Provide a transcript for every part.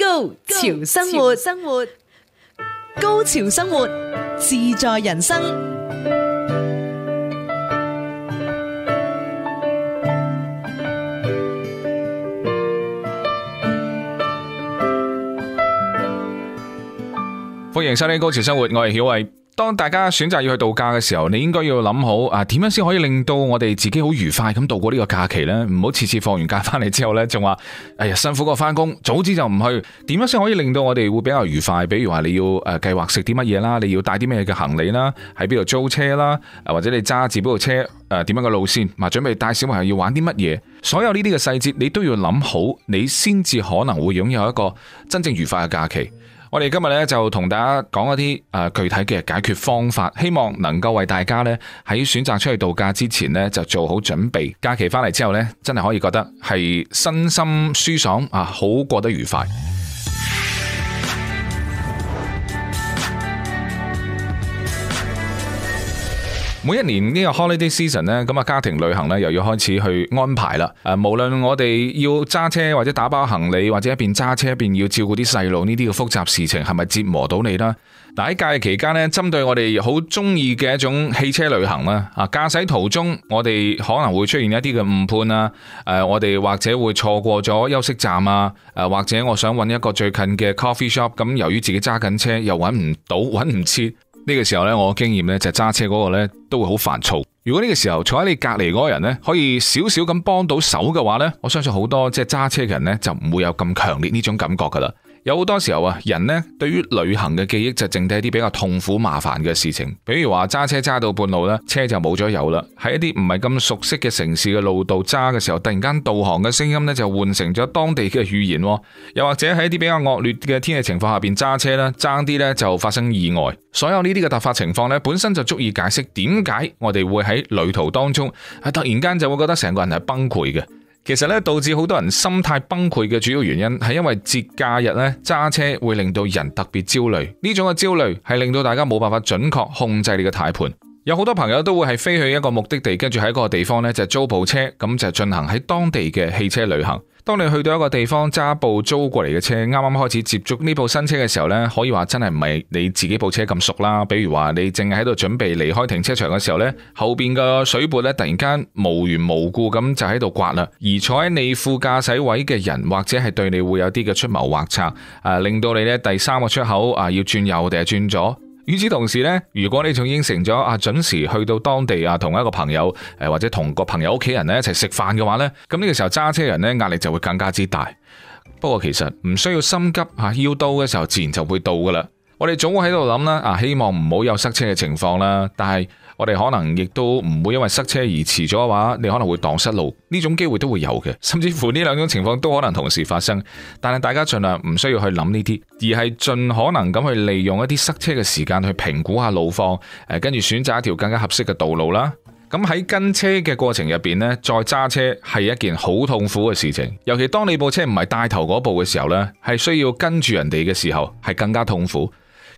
高潮生活，高潮生活，自在人生。歡迎收聽《高潮生活》，我係曉慧。當大家選擇要去度假嘅時候，你應該要諗好啊，點樣先可以令到我哋自己好愉快咁度過呢個假期呢？唔好次次放完假翻嚟之後呢，仲話哎呀辛苦過翻工，早知就唔去。點樣先可以令到我哋會比較愉快？比如話你要誒計劃食啲乜嘢啦，你要帶啲咩嘅行李啦，喺邊度租車啦、啊，或者你揸住部車誒點樣嘅路線，或、啊、準備帶小朋友要玩啲乜嘢？所有呢啲嘅細節你都要諗好，你先至可能會擁有一個真正愉快嘅假期。我哋今日咧，就同大家講一啲誒具體嘅解決方法，希望能夠為大家咧，喺選擇出去度假之前咧，就做好準備，假期翻嚟之後咧，真係可以覺得係身心舒爽啊，好過得愉快。每一年呢個 holiday season 呢，咁啊家庭旅行呢又要開始去安排啦。誒，無論我哋要揸車或者打包行李，或者一邊揸車一邊要照顧啲細路，呢啲嘅複雜事情係咪折磨到你啦？嗱，喺假期期間呢，針對我哋好中意嘅一種汽車旅行啦，啊，駕駛途中我哋可能會出現一啲嘅誤判啊，誒，我哋或者會錯過咗休息站啊，誒，或者我想搵一個最近嘅 coffee shop，咁由於自己揸緊車又搵唔到搵唔切。呢個時候咧，我經驗咧就揸車嗰個咧都會好煩躁。如果呢個時候坐喺你隔籬嗰個人咧可以少少咁幫到手嘅話咧，我相信好多即係揸車嘅人咧就唔會有咁強烈呢種感覺㗎喇。有好多時候啊，人呢對於旅行嘅記憶就剩低一啲比較痛苦麻煩嘅事情，比如話揸車揸到半路啦，車就冇咗油啦；喺一啲唔係咁熟悉嘅城市嘅路度揸嘅時候，突然間導航嘅聲音呢就換成咗當地嘅語言；又或者喺一啲比較惡劣嘅天氣情況下邊揸車啦，爭啲呢就發生意外。所有呢啲嘅突發情況呢，本身就足以解釋點解我哋會喺旅途當中突然間就會覺得成個人係崩潰嘅。其實咧，導致好多人心態崩潰嘅主要原因，係因為節假日咧揸車會令到人特別焦慮。呢種嘅焦慮係令到大家冇辦法準確控制你個軚盤。有好多朋友都會係飛去一個目的地，跟住喺嗰個地方咧就租部車，咁就進行喺當地嘅汽車旅行。當你去到一個地方揸部租過嚟嘅車，啱啱開始接觸呢部新車嘅時候呢，可以話真係唔係你自己部車咁熟啦。比如話你淨係喺度準備離開停車場嘅時候呢，後邊個水撥呢，突然間無緣無故咁就喺度刮啦，而坐喺你副駕駛位嘅人或者係對你會有啲嘅出謀劃策，誒令到你呢第三個出口啊要轉右定係轉左。與此同時呢，如果你仲應承咗啊，準時去到當地啊，同一個朋友誒，或者同個朋友屋企人咧一齊食飯嘅話呢，咁呢個時候揸車人呢壓力就會更加之大。不過其實唔需要心急吓，要到嘅時候自然就會到噶啦。我哋總會喺度諗啦，啊，希望唔好有塞車嘅情況啦。但係，我哋可能亦都唔會因為塞車而遲咗嘅話，你可能會蕩失路，呢種機會都會有嘅，甚至乎呢兩種情況都可能同時發生。但係大家盡量唔需要去諗呢啲，而係盡可能咁去利用一啲塞車嘅時間去評估下路況，誒，跟住選擇一條更加合適嘅道路啦。咁喺跟車嘅過程入邊呢，再揸車係一件好痛苦嘅事情，尤其當你部車唔係帶頭嗰部嘅時候呢，係需要跟住人哋嘅時候，係更加痛苦。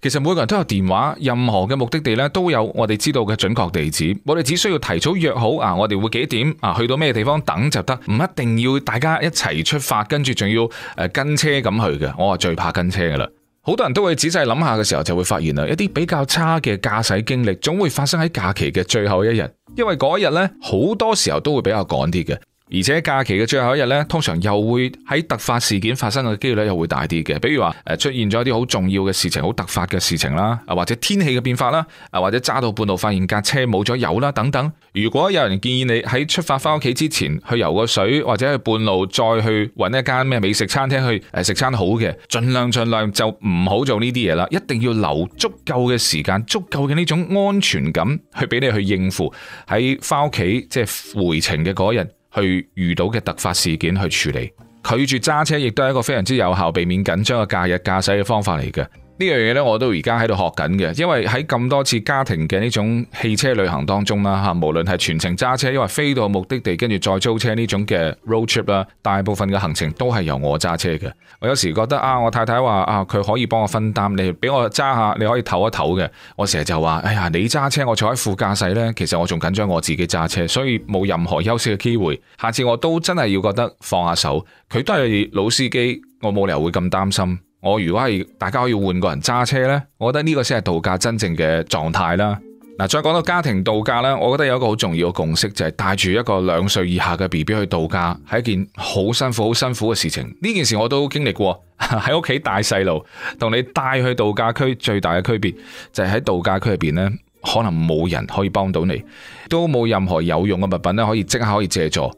其實每個人都有電話，任何嘅目的地咧都有我哋知道嘅準確地址。我哋只需要提早約好啊，我哋會幾點啊去到咩地方等就得，唔一定要大家一齊出發，跟住仲要誒跟車咁去嘅。我話最怕跟車㗎喇，好多人都會仔細諗下嘅時候就會發現啦，一啲比較差嘅駕駛經歷總會發生喺假期嘅最後一日，因為嗰一日咧好多時候都會比較趕啲嘅。而且假期嘅最後一日呢，通常又會喺突發事件發生嘅機率又會大啲嘅。比如話，誒出現咗一啲好重要嘅事情、好突發嘅事情啦，啊或者天氣嘅變化啦，啊或者揸到半路發現架車冇咗油啦等等。如果有人建議你喺出發翻屋企之前去游個水，或者去半路再去揾一間咩美食餐廳去誒食餐好嘅，儘量儘量就唔好做呢啲嘢啦，一定要留足夠嘅時間，足夠嘅呢種安全感去俾你去應付喺翻屋企即係回程嘅嗰日。去遇到嘅突發事件去處理，拒絕揸車亦都係一個非常之有效避免緊張嘅假日駕駛嘅方法嚟嘅。呢樣嘢咧，我都而家喺度學緊嘅，因為喺咁多次家庭嘅呢種汽車旅行當中啦，吓無論係全程揸車，又係飛到目的地跟住再租車呢種嘅 road trip 啦，大部分嘅行程都係由我揸車嘅。我有時覺得啊，我太太話啊，佢可以幫我分擔，你俾我揸下，你可以唞一唞嘅。我成日就話，「哎呀，你揸車，我坐喺副駕駛呢。」其實我仲緊張我自己揸車，所以冇任何休息嘅機會。下次我都真係要覺得放下手，佢都係老司機，我冇理由會咁擔心。我如果係大家可以換個人揸車呢，我覺得呢個先係度假真正嘅狀態啦。嗱，再講到家庭度假呢，我覺得有一個好重要嘅共識就係帶住一個兩歲以下嘅 B B 去度假係一件好辛苦，好辛苦嘅事情。呢件事我都經歷過，喺屋企帶細路同你帶去度假區最大嘅區別就係喺度假區入邊呢，可能冇人可以幫到你，都冇任何有用嘅物品咧可以即刻可以借助。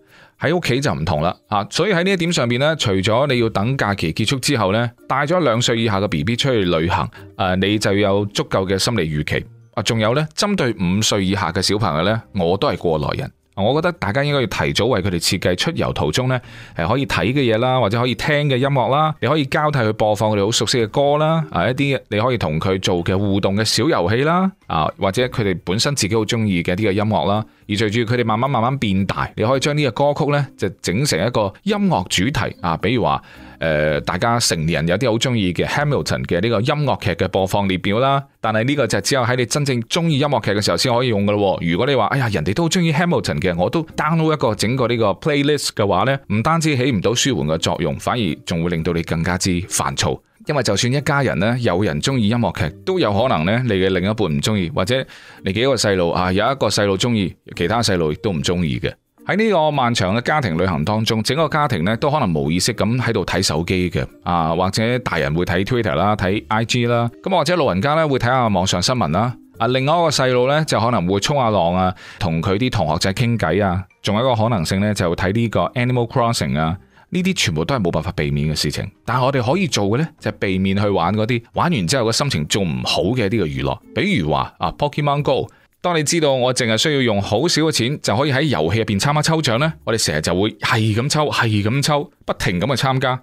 喺屋企就唔同啦，啊，所以喺呢一點上面呢，除咗你要等假期結束之後呢，帶咗兩歲以下嘅 BB 出去旅行，誒，你就要有足夠嘅心理預期。啊，仲有呢，針對五歲以下嘅小朋友呢，我都係過來人，我覺得大家應該要提早為佢哋設計出遊途中呢，係可以睇嘅嘢啦，或者可以聽嘅音樂啦，你可以交替去播放佢哋好熟悉嘅歌啦，啊，一啲你可以同佢做嘅互動嘅小遊戲啦，啊，或者佢哋本身自己好中意嘅啲嘅音樂啦。而隨住佢哋慢慢慢慢變大，你可以將呢個歌曲呢，就整成一個音樂主題啊，比如話誒、呃，大家成年人有啲好中意嘅 Hamilton 嘅呢個音樂劇嘅播放列錶啦。但係呢個就只有喺你真正中意音樂劇嘅時候先可以用噶咯。如果你話哎呀，人哋都好中意 Hamilton 嘅，我都 download 一個整個呢個 playlist 嘅話呢，唔單止起唔到舒緩嘅作用，反而仲會令到你更加之煩躁。因為就算一家人咧，有人中意音樂劇，都有可能咧，你嘅另一半唔中意，或者你幾個細路啊，有一個細路中意，其他細路亦都唔中意嘅。喺呢個漫長嘅家庭旅行當中，整個家庭咧都可能冇意識咁喺度睇手機嘅啊，或者大人會睇 Twitter 啦、啊，睇 IG 啦，咁或者老人家咧會睇下網上新聞啦。啊，另外一個細路咧就可能會衝下浪啊，同佢啲同學仔傾偈啊，仲有一個可能性咧就睇呢個 Animal Crossing 啊。呢啲全部都係冇辦法避免嘅事情，但係我哋可以做嘅呢，就係避免去玩嗰啲玩完之後個心情仲唔好嘅呢個娛樂，比如話啊 Pokemon Go，當你知道我淨係需要用好少嘅錢就可以喺遊戲入邊參加抽獎呢，我哋成日就會係咁抽係咁抽，不停咁去參加。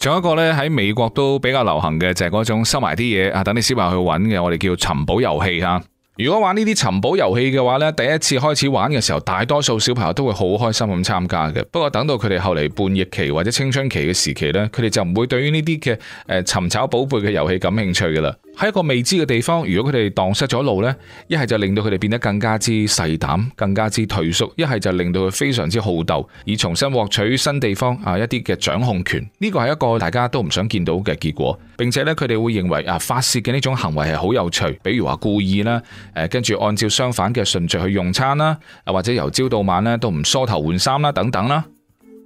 仲有一個呢，喺美國都比較流行嘅就係嗰種收埋啲嘢啊，等你小朋友去揾嘅，我哋叫尋寶遊戲吓。如果玩呢啲尋寶遊戲嘅話咧，第一次開始玩嘅時候，大多數小朋友都會好開心咁參加嘅。不過等到佢哋後嚟叛逆期或者青春期嘅時期呢，佢哋就唔會對於呢啲嘅誒尋找寶，寶貝嘅遊戲感興趣㗎喇。喺一個未知嘅地方，如果佢哋蕩失咗路呢，一係就令到佢哋變得更加之細膽，更加之退縮；一係就令到佢非常之好鬥，以重新獲取新地方啊一啲嘅掌控權。呢個係一個大家都唔想見到嘅結果，並且呢，佢哋會認為啊，發洩嘅呢種行為係好有趣，比如話故意啦，誒跟住按照相反嘅順序去用餐啦，或者由朝到晚呢都唔梳頭換衫啦，等等啦。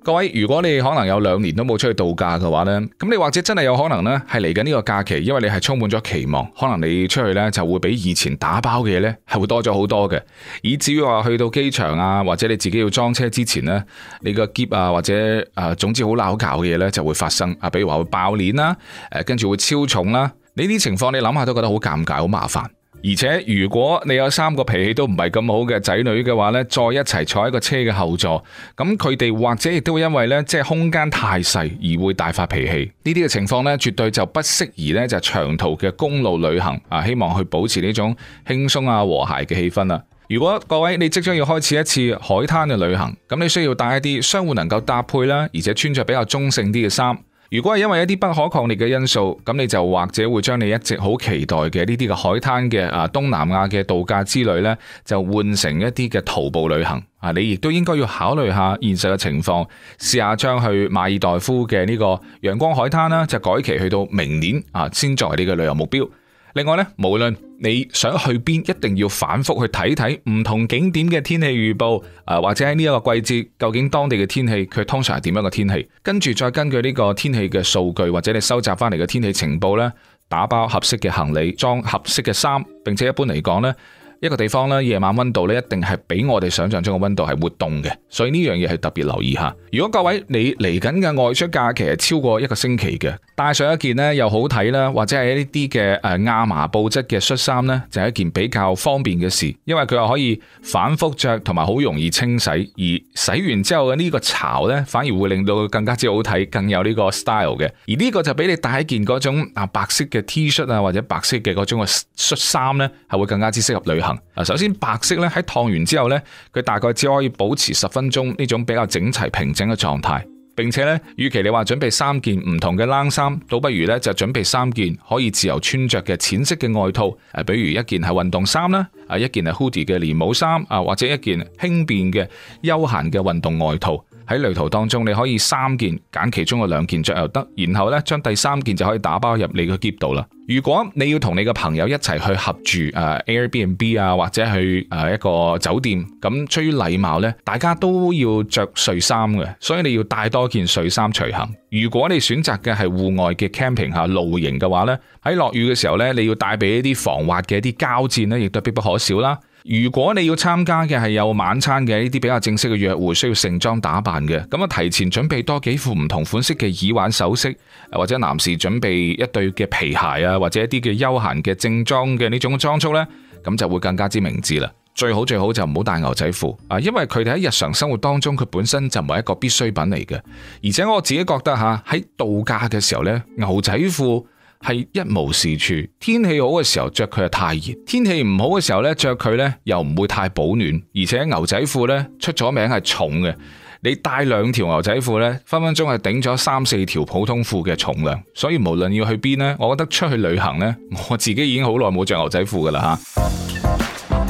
各位，如果你可能有兩年都冇出去度假嘅話呢，咁你或者真係有可能呢係嚟緊呢個假期，因為你係充滿咗期望，可能你出去呢就會比以前打包嘅嘢呢係會多咗好多嘅，以至於話去到機場啊，或者你自己要裝車之前呢，你個篋啊或者啊、呃，總之好鬧好搞嘅嘢呢就會發生啊，比如話會爆鏈啦、啊，跟、呃、住會超重啦、啊，呢啲情況你諗下都覺得好尷尬，好麻煩。而且如果你有三個脾氣都唔係咁好嘅仔女嘅話呢，再一齊坐喺個車嘅後座，咁佢哋或者亦都會因為呢即係空間太細而會大發脾氣。呢啲嘅情況呢，絕對就不適宜呢就長途嘅公路旅行啊！希望去保持呢種輕鬆啊和諧嘅氣氛啦。如果各位你即將要開始一次海灘嘅旅行，咁你需要帶一啲相互能夠搭配啦，而且穿着比較中性啲嘅衫。如果係因為一啲不可抗力嘅因素，咁你就或者會將你一直好期待嘅呢啲嘅海灘嘅啊東南亞嘅度假之旅呢，就換成一啲嘅徒步旅行啊！你亦都應該要考慮下現實嘅情況，試下將去馬爾代夫嘅呢個陽光海灘啦，就改期去到明年啊，先作為你嘅旅遊目標。另外咧，無論你想去邊，一定要反覆去睇睇唔同景點嘅天氣預報，啊或者喺呢一個季節，究竟當地嘅天氣佢通常係點樣嘅天氣，跟住再根據呢個天氣嘅數據或者你收集翻嚟嘅天氣情報咧，打包合適嘅行李，裝合適嘅衫，並且一般嚟講咧。一個地方咧，夜晚溫度咧一定係比我哋想象中嘅溫度係會凍嘅，所以呢樣嘢係特別留意下。如果各位你嚟緊嘅外出假期係超過一個星期嘅，帶上一件咧又好睇啦，或者係一啲嘅誒亞麻布質嘅恤衫呢，就係、是、一件比較方便嘅事，因為佢又可以反復着同埋好容易清洗，而洗完之後嘅呢個潮呢，反而會令到佢更加之好睇，更有呢個 style 嘅。而呢個就比你帶一件嗰種啊白色嘅 T 恤啊或者白色嘅嗰種嘅恤衫呢，係會更加之適合旅行。嗱，首先白色咧喺燙完之後咧，佢大概只可以保持十分鐘呢種比較整齊平整嘅狀態，並且咧，與其你話準備三件唔同嘅冷衫，倒不如咧就準備三件可以自由穿着嘅淺色嘅外套，誒，比如一件係運動衫啦，啊，一件係 hoodie 嘅連帽衫啊，或者一件輕便嘅休閒嘅運動外套。喺旅途當中，你可以三件揀其中嘅兩件着又得，然後咧將第三件就可以打包入你個篋度啦。如果你要同你嘅朋友一齊去合住啊、呃、Airbnb 啊，或者去啊、呃、一個酒店，咁出於禮貌呢，大家都要着睡衫嘅，所以你要帶多件睡衫隨行。如果你選擇嘅係戶外嘅 camping 嚇、啊、露營嘅話呢，喺落雨嘅時候呢，你要帶俾一啲防滑嘅一啲膠墊呢，亦都必不可少啦。如果你要參加嘅係有晚餐嘅呢啲比較正式嘅約會，需要盛裝打扮嘅，咁啊提前準備多幾副唔同款式嘅耳環、首飾，或者男士準備一對嘅皮鞋啊，或者一啲嘅休閒嘅正裝嘅呢種裝束呢，咁就會更加之明智啦。最好最好就唔好帶牛仔褲啊，因為佢哋喺日常生活當中，佢本身就唔係一個必需品嚟嘅，而且我自己覺得吓喺度假嘅時候呢，牛仔褲。係一無是處，天氣好嘅時候着佢係太熱，天氣唔好嘅時候呢着佢呢又唔會太保暖，而且牛仔褲呢出咗名係重嘅，你帶兩條牛仔褲呢分分鐘係頂咗三四條普通褲嘅重量，所以無論要去邊呢，我覺得出去旅行呢，我自己已經好耐冇着牛仔褲噶啦吓。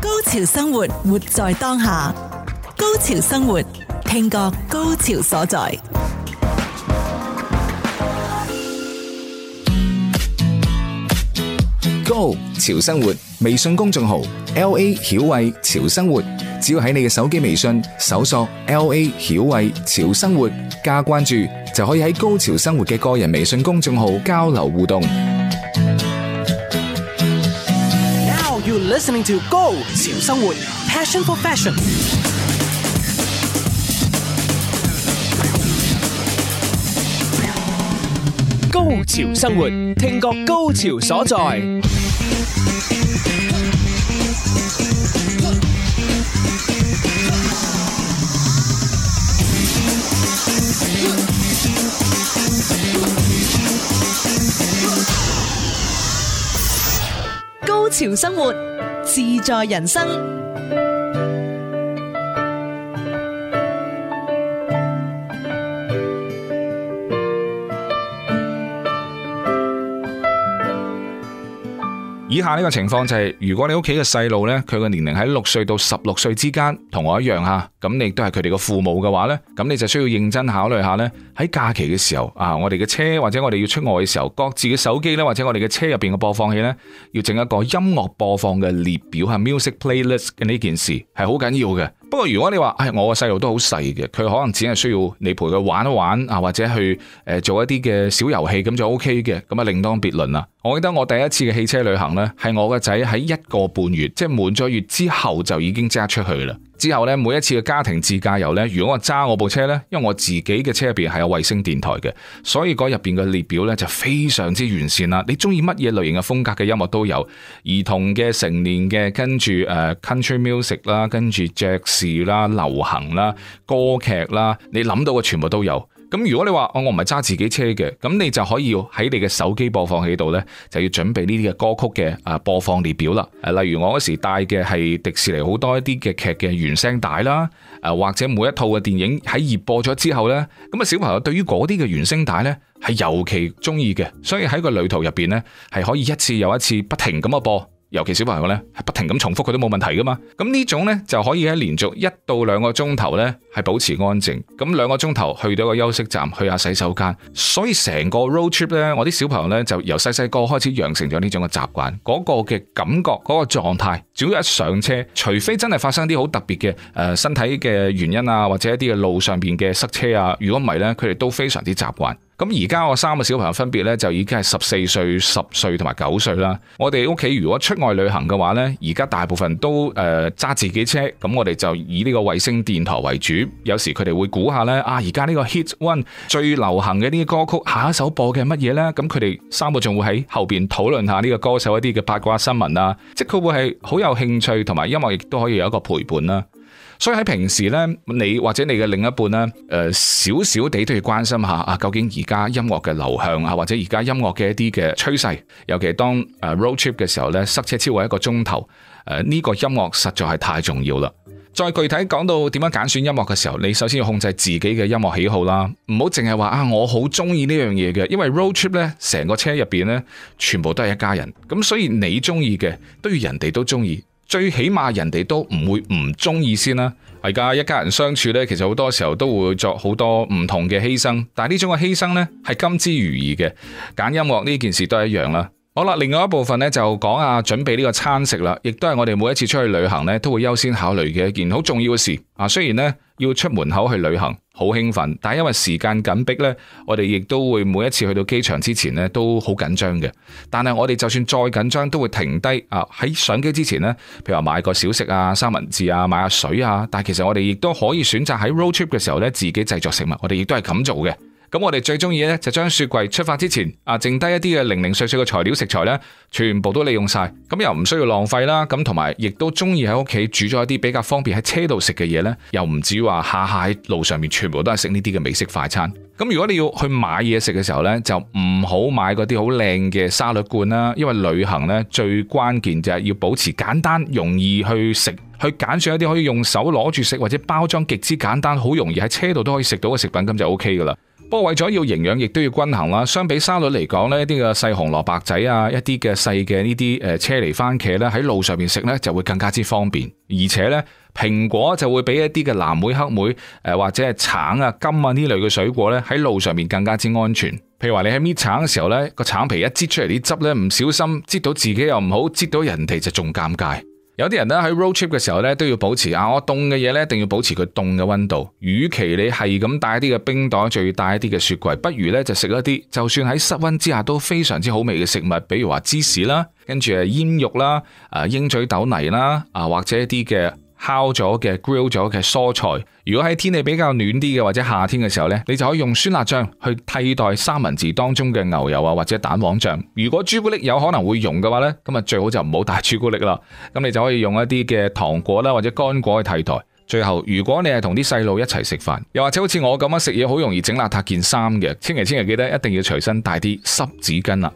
高潮生活，活在當下；高潮生活，聽過高潮所在。Go 潮生活微信公眾號，L A 曉慧潮生活，只要喺你嘅手機微信搜索 L A 曉慧潮生活加關注，就可以喺高潮生活嘅個人微信公眾號交流互動。Now you're listening to Go 潮生活，Passion for fashion。高潮生活，聽覺高潮所在。高潮生活，自在人生。以下呢個情況就係，如果你屋企嘅細路咧，佢嘅年齡喺六歲到十六歲之間，同我一樣嚇。咁你都係佢哋嘅父母嘅話呢，咁你就需要認真考慮下呢。喺假期嘅時候啊，我哋嘅車或者我哋要出外嘅時候，各自嘅手機呢，或者我哋嘅車入邊嘅播放器呢，要整一個音樂播放嘅列表啊，Music Playlist 嘅呢件事係好緊要嘅。不過如果你話，唉、哎，我個細路都好細嘅，佢可能只係需要你陪佢玩一玩啊，或者去誒做一啲嘅小遊戲咁就 OK 嘅，咁啊另當別論啦。我記得我第一次嘅汽車旅行呢，係我個仔喺一個半月，即係滿咗月之後就已經揸出去啦。之後咧，每一次嘅家庭自駕遊咧，如果我揸我部車咧，因為我自己嘅車入邊係有衛星電台嘅，所以嗰入邊嘅列表咧就非常之完善啦。你中意乜嘢類型嘅風格嘅音樂都有，兒童嘅、成年嘅，跟住誒、uh, Country Music 啦，跟住爵士啦、流行啦、歌劇啦，你諗到嘅全部都有。咁如果你話哦我唔係揸自己車嘅，咁你就可以喺你嘅手機播放器度呢，就要準備呢啲嘅歌曲嘅啊播放列表啦。例如我嗰時帶嘅係迪士尼好多一啲嘅劇嘅原聲帶啦，或者每一套嘅電影喺熱播咗之後呢。咁啊小朋友對於嗰啲嘅原聲帶呢，係尤其中意嘅，所以喺個旅途入邊呢，係可以一次又一次不停咁樣播。尤其小朋友呢，係不停咁重複佢都冇問題噶嘛。咁呢種呢，就可以喺連續一到兩個鐘頭呢，係保持安靜。咁兩個鐘頭去到個休息站，去下洗手間。所以成個 road trip 呢，我啲小朋友呢，就由細細個開始養成咗呢種嘅習慣。嗰個嘅感覺，嗰個狀態，只要一上車，除非真係發生啲好特別嘅，誒身體嘅原因啊，或者一啲嘅路上邊嘅塞車啊，如果唔係呢，佢哋都非常之習慣。咁而家我三個小朋友分別咧就已經係十四歲、十歲同埋九歲啦。我哋屋企如果出外旅行嘅話呢，而家大部分都誒揸、呃、自己車，咁我哋就以呢個衛星電台為主。有時佢哋會估下呢：「啊，而家呢個 Hit One 最流行嘅呢啲歌曲，下一首播嘅係乜嘢呢？」咁佢哋三個仲會喺後邊討論下呢個歌手一啲嘅八卦新聞啊，即佢會係好有興趣，同埋音樂亦都可以有一個陪伴啦。所以喺平時呢，你或者你嘅另一半呢，誒少少地都要關心下啊，究竟而家音樂嘅流向啊，或者而家音樂嘅一啲嘅趨勢，尤其係當誒 road trip 嘅時候呢，塞車超過一個鐘頭，誒呢個音樂實在係太重要啦。再具體講到點樣揀選音樂嘅時候，你首先要控制自己嘅音樂喜好啦，唔好淨係話啊，我好中意呢樣嘢嘅，因為 road trip 呢，成個車入邊呢，全部都係一家人，咁所以你中意嘅都要人哋都中意。最起碼人哋都唔會唔中意先啦、啊。而家一家人相處呢，其實好多時候都會作好多唔同嘅犧牲，但係呢種嘅犧牲呢，係甘之如飴嘅。揀音樂呢件事都一樣啦、啊。好啦，另外一部分咧，就講啊，準備呢個餐食啦，亦都係我哋每一次出去旅行呢，都會優先考慮嘅一件好重要嘅事啊。雖然呢，要出門口去旅行好興奮，但係因為時間緊迫呢，我哋亦都會每一次去到機場之前呢，都好緊張嘅。但係我哋就算再緊張，都會停低啊，喺上機之前呢，譬如話買個小食啊、三文治啊、買下水啊。但係其實我哋亦都可以選擇喺 road trip 嘅時候呢，自己製作食物，我哋亦都係咁做嘅。.咁我哋最中意咧，就將雪櫃出發之前啊，剩低一啲嘅零零碎碎嘅材料食材呢，全部都利用晒，咁又唔需要浪費啦。咁同埋，亦都中意喺屋企煮咗一啲比較方便喺車度食嘅嘢呢，又唔至於話下下喺路上面全部都係食呢啲嘅美式快餐。咁如果你要去買嘢食嘅時候呢，就唔好買嗰啲好靚嘅沙律罐啦，因為旅行呢，最關鍵就係要保持簡單，容易去食，去揀選一啲可以用手攞住食或者包裝極之簡單，好容易喺車度都可以食到嘅食品，咁就 OK 噶啦。不過為咗要營養，亦都要均衡啦。相比沙律嚟講，呢啲嘅細紅蘿蔔仔啊，一啲嘅細嘅呢啲誒車厘番茄咧，喺路上面食咧就會更加之方便。而且咧，蘋果就會比一啲嘅藍莓、黑莓誒或者係橙啊、柑啊呢類嘅水果咧，喺路上面更加之安全。譬如話你喺搣橙嘅時候咧，個橙皮一擠出嚟啲汁咧，唔小心擠到自己又唔好，擠到人哋就仲尷尬。有啲人咧喺 road trip 嘅時候咧都要保持啊，我凍嘅嘢咧一定要保持佢凍嘅溫度。與其你係咁帶啲嘅冰袋，仲要帶一啲嘅雪櫃，不如咧就食一啲就算喺室溫之下都非常之好味嘅食物，比如話芝士啦，跟住啊煙肉啦，啊鷹嘴豆泥啦，啊或者一啲嘅。烤咗嘅、grill 咗嘅蔬菜，如果喺天氣比較暖啲嘅或者夏天嘅時候呢，你就可以用酸辣醬去替代三文治當中嘅牛油啊或者蛋黃醬。如果朱古力有可能會溶嘅話呢，咁啊最好就唔好帶朱古力啦。咁你就可以用一啲嘅糖果啦或者乾果去替代。最後，如果你係同啲細路一齊食飯，又或者好似我咁樣食嘢好容易整邋遢件衫嘅，千祈千祈記得一定要隨身帶啲濕紙巾啦。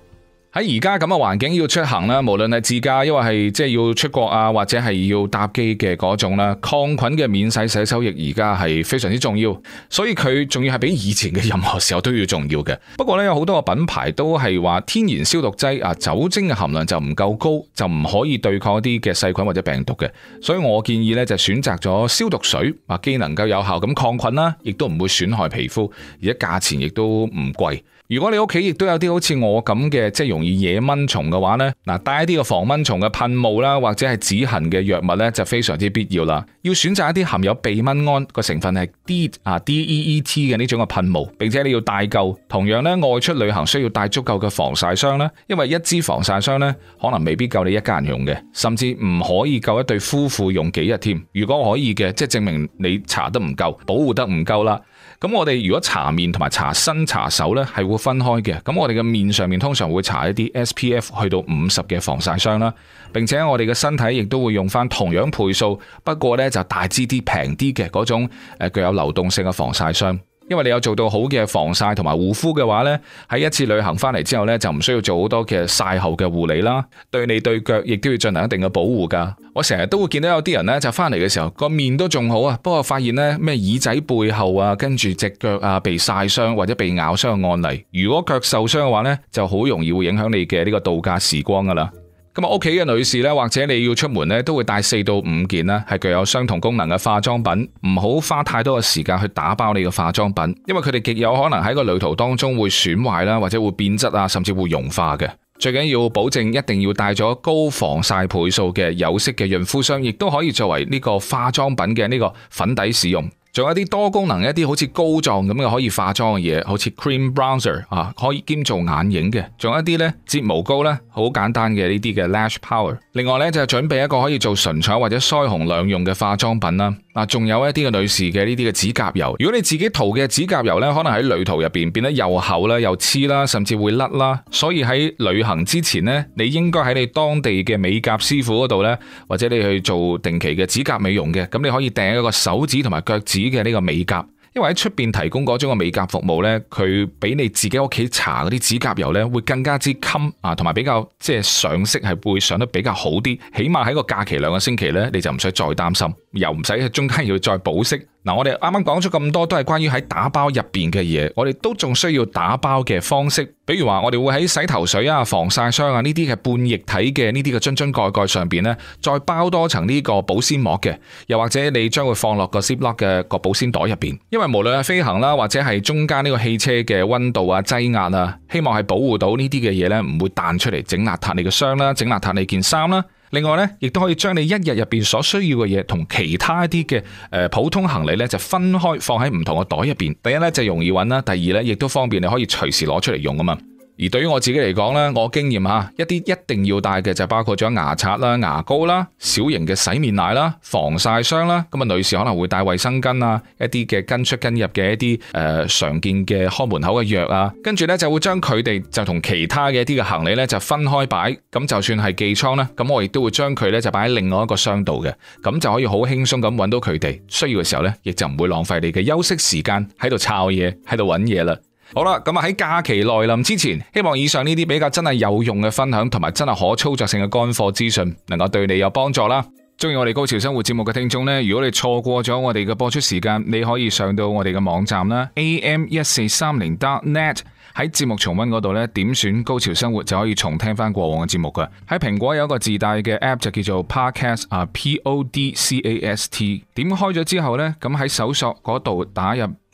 喺而家咁嘅環境要出行啦，無論係自駕，因為係即係要出國啊，或者係要搭機嘅嗰種啦，抗菌嘅免洗洗手液而家係非常之重要，所以佢仲要係比以前嘅任何時候都要重要嘅。不過呢，有好多個品牌都係話天然消毒劑啊，酒精嘅含量就唔夠高，就唔可以對抗一啲嘅細菌或者病毒嘅。所以我建議呢，就選擇咗消毒水，啊，既能夠有效咁抗菌啦，亦都唔會損害皮膚，而且價錢亦都唔貴。如果你屋企亦都有啲好似我咁嘅，即係容易惹蚊蟲嘅話呢，嗱，帶一啲個防蚊蟲嘅噴霧啦，或者係止痕嘅藥物呢，就非常之必要啦。要選擇一啲含有避蚊胺個成分係 DEET 啊 D, D-E-E-T 嘅呢種嘅噴霧，並且你要帶夠。同樣呢，外出旅行需要帶足夠嘅防曬霜啦，因為一支防曬霜呢，可能未必夠你一家人用嘅，甚至唔可以夠一對夫婦用幾日添。如果可以嘅，即係證明你搽得唔夠，保護得唔夠啦。咁我哋如果搽面同埋搽身搽手呢，係會分開嘅。咁我哋嘅面上面通常會搽一啲 SPF 去到五十嘅防曬霜啦，並且我哋嘅身體亦都會用翻同樣倍數，不過呢就大支啲、平啲嘅嗰種，誒具有流動性嘅防曬霜。因為你有做到好嘅防曬同埋護膚嘅話呢，喺一次旅行翻嚟之後呢，就唔需要做好多嘅曬後嘅護理啦。對你對腳亦都要進行一定嘅保護噶。我成日都會見到有啲人呢，就翻嚟嘅時候個面都仲好啊，不過發現呢，咩耳仔背後啊，跟住隻腳啊被曬傷或者被咬傷嘅案例。如果腳受傷嘅話呢，就好容易會影響你嘅呢個度假時光噶啦。咁屋企嘅女士咧，或者你要出門咧，都會帶四到五件啦，係具有相同功能嘅化妝品，唔好花太多嘅時間去打包你嘅化妝品，因為佢哋極有可能喺個旅途當中會損壞啦，或者會變質啊，甚至會融化嘅。最緊要保證一定要帶咗高防曬倍數嘅有色嘅潤膚霜，亦都可以作為呢個化妝品嘅呢個粉底使用。仲有一啲多功能嘅一啲好似膏狀咁嘅可以化妝嘅嘢，好似 cream bronzer 啊，可以兼做眼影嘅。仲有一啲呢睫毛膏咧，好簡單嘅呢啲嘅 lash power。另外呢，就係、是、準備一個可以做唇彩或者腮紅兩用嘅化妝品啦。嗱、啊，仲有一啲嘅女士嘅呢啲嘅指甲油。如果你自己塗嘅指甲油呢，可能喺旅途入邊變得又厚啦又黐啦，甚至會甩啦。所以喺旅行之前呢，你應該喺你當地嘅美甲師傅嗰度呢，或者你去做定期嘅指甲美容嘅。咁你可以訂一個手指同埋腳趾，嘅呢個美甲，因為喺出邊提供嗰種嘅美甲服務咧，佢比你自己屋企搽嗰啲指甲油咧，會更加之襟啊，同埋比較即係上色係會上得比較好啲，起碼喺個假期兩個星期咧，你就唔使再擔心，又唔使喺中間要再補色。嗱，我哋啱啱講咗咁多，都係關於喺打包入邊嘅嘢。我哋都仲需要打包嘅方式，比如話我哋會喺洗頭水啊、防曬霜啊呢啲嘅半液體嘅呢啲嘅樽樽蓋蓋上邊呢，再包多層呢個保鮮膜嘅，又或者你將會放落個 ziplock 嘅個保鮮袋入邊。因為無論係飛行啦，或者係中間呢個汽車嘅溫度啊、擠壓啊，希望係保護到呢啲嘅嘢呢，唔會彈出嚟整邋遢你嘅箱啦，整邋遢你件衫啦。另外咧，亦都可以將你一日入邊所需要嘅嘢同其他啲嘅誒普通行李咧，就分開放喺唔同嘅袋入邊。第一咧就容易揾啦，第二咧亦都方便你可以隨時攞出嚟用啊嘛。而對於我自己嚟講呢，我經驗嚇一啲一定要帶嘅就包括咗牙刷啦、牙膏啦、小型嘅洗面奶啦、防曬霜啦。咁啊，女士可能會帶衛生巾啊，一啲嘅跟出跟入嘅一啲誒、呃、常見嘅看門口嘅藥啊。跟住呢，就會將佢哋就同其他嘅啲嘅行李呢就分開擺。咁就算係寄艙呢，咁我亦都會將佢呢就擺喺另外一個箱度嘅。咁就可以好輕鬆咁揾到佢哋，需要嘅時候呢，亦就唔會浪費你嘅休息時間喺度摷嘢、喺度揾嘢啦。好啦，咁啊喺假期來臨之前，希望以上呢啲比較真係有用嘅分享，同埋真係可操作性嘅乾貨資訊，能夠對你有幫助啦。中意我哋《高潮生活》節目嘅聽眾呢，如果你錯過咗我哋嘅播出時間，你可以上到我哋嘅網站啦，am 一四三零 dot net 喺節目重温嗰度呢，點選《高潮生活》就可以重聽翻過往嘅節目噶。喺蘋果有一個自帶嘅 app 就叫做 Podcast 啊，P O D C A S T，點開咗之後咧，咁喺搜索度打入。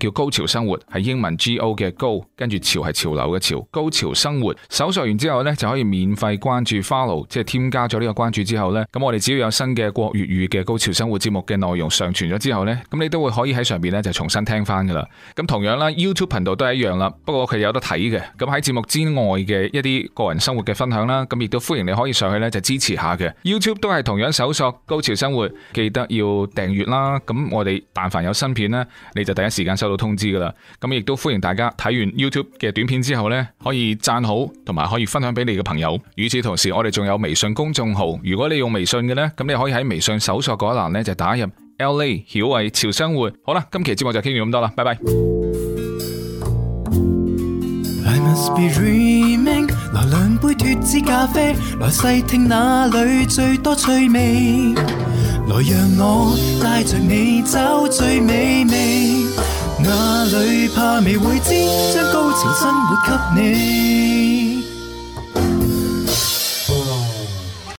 叫高潮生活係英文 G.O 嘅高，跟住潮係潮流嘅潮，高潮生活搜索完之後呢，就可以免費關注 follow，即係添加咗呢個關注之後呢，咁我哋只要有新嘅國粵語嘅高潮生活節目嘅內容上傳咗之後呢，咁你都會可以喺上面呢就重新聽翻噶啦。咁同樣啦，YouTube 頻道都係一樣啦，不過佢有得睇嘅。咁喺節目之外嘅一啲個人生活嘅分享啦，咁亦都歡迎你可以上去呢就支持下嘅。YouTube 都係同樣搜索高潮生活，記得要訂閱啦。咁我哋但凡有新片呢，你就第一時間收到通知噶啦，咁亦都歡迎大家睇完 YouTube 嘅短片之後呢，可以讚好，同埋可以分享俾你嘅朋友。與此同時，我哋仲有微信公眾號，如果你用微信嘅呢，咁你可以喺微信搜索嗰一欄呢，就打入 LA 曉慧潮生活。好啦，今期節目就傾完咁多啦，拜拜。來兩杯脫脂咖啡，來細聽哪裏最多趣味，來讓我帶着你走最美味。哪裏、啊、怕未會知，將高潮生活給你。